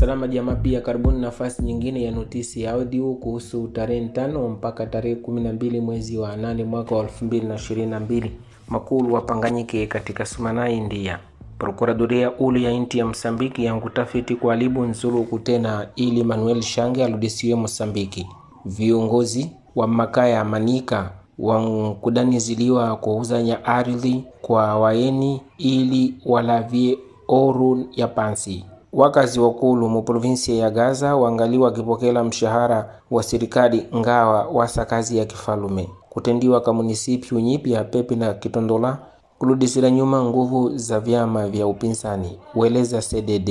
Salama jamaa, pia karibuni nafasi nyingine ya notisi ya audio kuhusu tarehe tano mpaka tarehe 12 mwezi wa 8 mwaka wa 2022. Makulu wapanganyike katika sumana India. Prokuradoria ulu ya inti ya Msambiki yangutafiti kualibu nzulu kutena ili Manuel Shange aludisiwe Msambiki. Viongozi wa makaya manika wankudaniziliwa kuuzanya ardhi kwa waeni ili walavie oru ya pansi Wakazi wa Kulu mu provinsi ya Gaza wangaliwa kipokela mshahara wa serikali ngawa wasa kazi ya kifalume kutendiwa ka munisipyu nyipya Pepi na Kitondola kurudisira nyuma nguvu za vyama vya upinzani weleza CDD.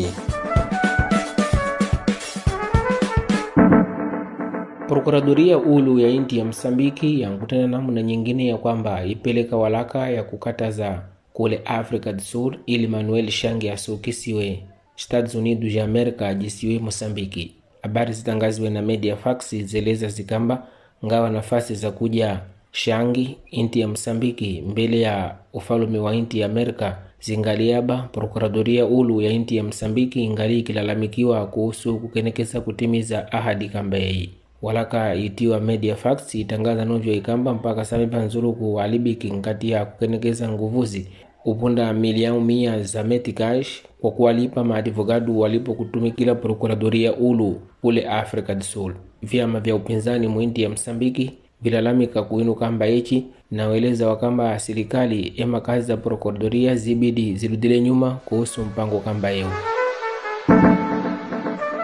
Prokuradoria ulu ya inti ya Msambiki yankutana namuna nyingine ya kwamba ipeleka walaka ya kukataza kule Afrika du Sud ili Manuel shangi asukisiwe Estados Unidos ya Amerika ajisiwe Mosambiki. Habari zitangaziwe na media fax zieleza zikamba ngawa nafasi za kuja shangi inti ya Msambiki mbele ya ufalume wa inti ya Amerika zingaliaba prokuradoria ulu ya inti ya Msambiki ingali ikilalamikiwa kuhusu kukenekeza kutimiza ahadi kambei walaka itiwa media fax itangaza novyo ikamba mpaka samipa nzuru kualibiki nkati ya kukenekeza nguvuzi mia za meticais kwa kuwalipa walipo kutumikila prokuradoria ulu kule África do Sul. Vyama vya upinzani mwinti ya Msambiki vilalamika kuinu kamba ichi naweleza wakamba serikali ya makazi za prokuradoria zibidi zirudile nyuma kuhusu mpango kamba yeu.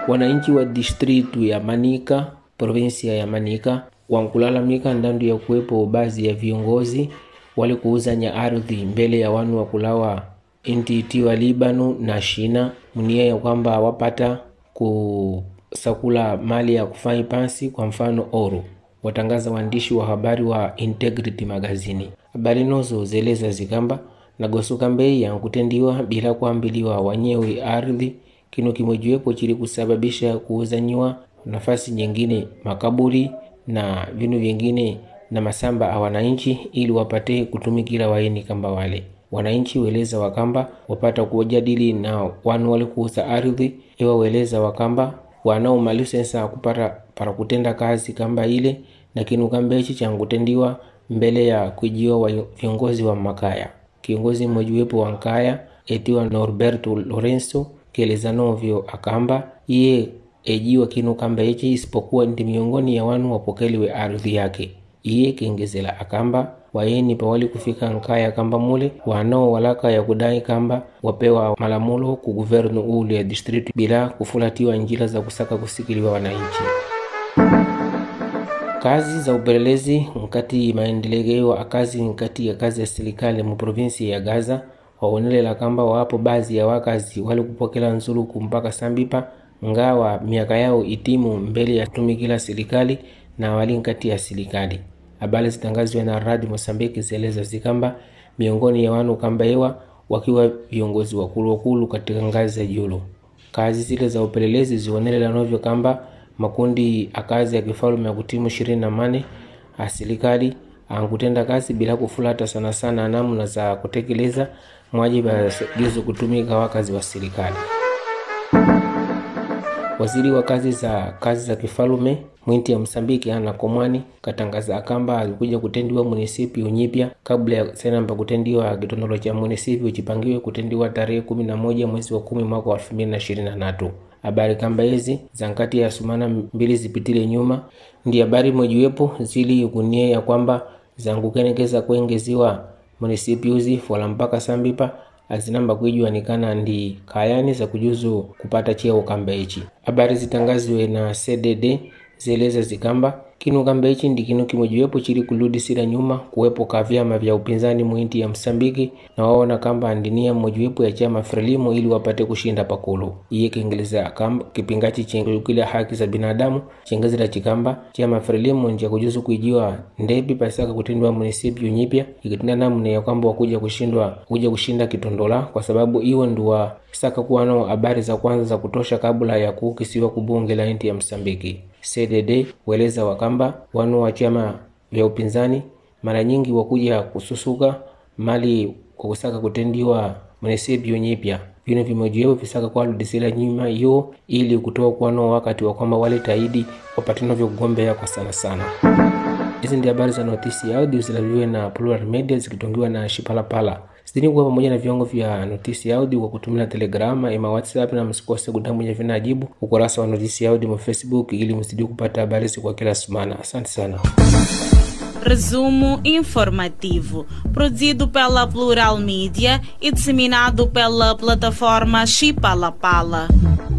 Wananchi wa distritu ya Manika, provinsia ya Manika, wankulalamika ndandu ya kuwepo baadhi ya viongozi walikuuzanya ardhi mbele ya wanu wakulawa intiti wa Libanu na Shina mniye ya kwamba wapata kusakula mali ya kufai pasi, kwa mfano oru watangaza waandishi wa habari wa Integrity Magazini. Habari nozo zeleza zikamba nagosuka mbei yankutendiwa bila kuambiliwa wanyewe ardhi kinu kimwejiwepo chili kusababisha kuuzanyiwa nafasi nyingine makaburi na vinu vyingine na masamba a wananchi ili wapate kutumikila waini kamba wale wananchi weleza wakamba wapata kujadili na wanu walikuusa ardhi ewa weleza wakamba wanaomalisensa kupata para kutenda kazi kamba ile na kinu kamba ichi changutendiwa mbele ya kujiwa wa viongozi wa makaya kiongozi mmojiwepo wa nkaya etiwa norberto lorenzo keleza novyo akamba iye ejiwa kinu kamba ichi isipokuwa ndi miongoni ya wanu wapokeliwe ardhi yake iye kengezela akamba wayeni pawali kufika nkaya akamba mule wanao walaka ya kudai kamba wapewa malamulo ku guvernu ulu ya distritu bila kufulatiwa njira za kusaka kusikiliwa wananchi kazi za upelelezi nkati maendeleo akazi nkati ya kazi ya serikali mu provinsi ya gaza waonelela kamba wapo baadhi ya wakazi wali kupokela nzuluku mpaka sambipa ngawa miaka yao itimu mbele ya tumikila serikali na wali nkati ya serikali Habari zitangazwa na Radi Mosambiki zieleza zikamba miongoni ya wanu hewa wakiwa viongozi wakulu wakulu katika ngazi ya julu. Kazi zile za upelelezi zionelela novyo kamba makundi akazi ya kifalme ya kutimu ishirini na mane asilikali ankutenda kazi bila kufulata sana sana namna za kutekeleza mwajibu agezo kutumika wakazi wa serikali. Waziri wa kazi za kazi za kifalume mwinti ya Msambiki Ana Komwani katangaza akamba alikuja kutendiwa munisipi unyipya kabla ya senamba kutendiwa kitondolo cha munisipi chipangiwe kutendiwa tarehe 11 mwezi wa 10 mwaka wa na Habari kamba hizi za nkati ya sumana mbili zipitile nyuma ndi habari mojiwepo zili ikunie ya kwamba zangukenekeza kuengeziwa munisipi uzi fola mpaka sambipa azinamba kuijuanikana ndi kayani zakujuzu kupata cheo kamba ichi habari zitangazwe na cdd zieleza zikamba Kinu kamba hichi ndi kinu kimojiwepo chili kuludisira nyuma kuwepo ka vyama vya upinzani muinti ya Msambiki na waona kamba andinia mmojiwepo ya chama Frelimo ili wapate kushinda pakulu. Iye kiingereza kamba kipingachi chengelukila haki za binadamu chengezera chikamba chama Frelimo nje kujuzu kuijiwa ndepi pasaka kutendwa munisipi nyipya ikitinda namne ya kamba wakuja kushindwa kuja kushinda kitondola kwa sababu iwo nduwa saka kuwa nao habari za kwanza za kutosha kabla ya kukisiwa kubunge la inti ya Msambiki. CDD hueleza wakamba wanu wa chama vya upinzani mara nyingi wakuja kususuka mali kwa kusaka kutendiwa munisipyo nyipya vino vimojiwepo visaka kwaludisila nyuma iyo ili kutoa kwano wakati wa kwamba wale taidi wapatano kugombea kwa sana sana hizi ndi habari za notisi ya audio zilaviwe na Plural Media zikitongiwa na Shipalapala Zidini kuwa pamoja na viwango vya notisi audio kwa kutumia Telegrama, ima WhatsApp, na msikose kutamuja vinajibu ukurasa wa notisi audio wa Facebook ili msidi kupata habari kwa kila semana. Asante sana. Resumo informativo, produzido pela Plural Media e disseminado pela plataforma Chipalapala.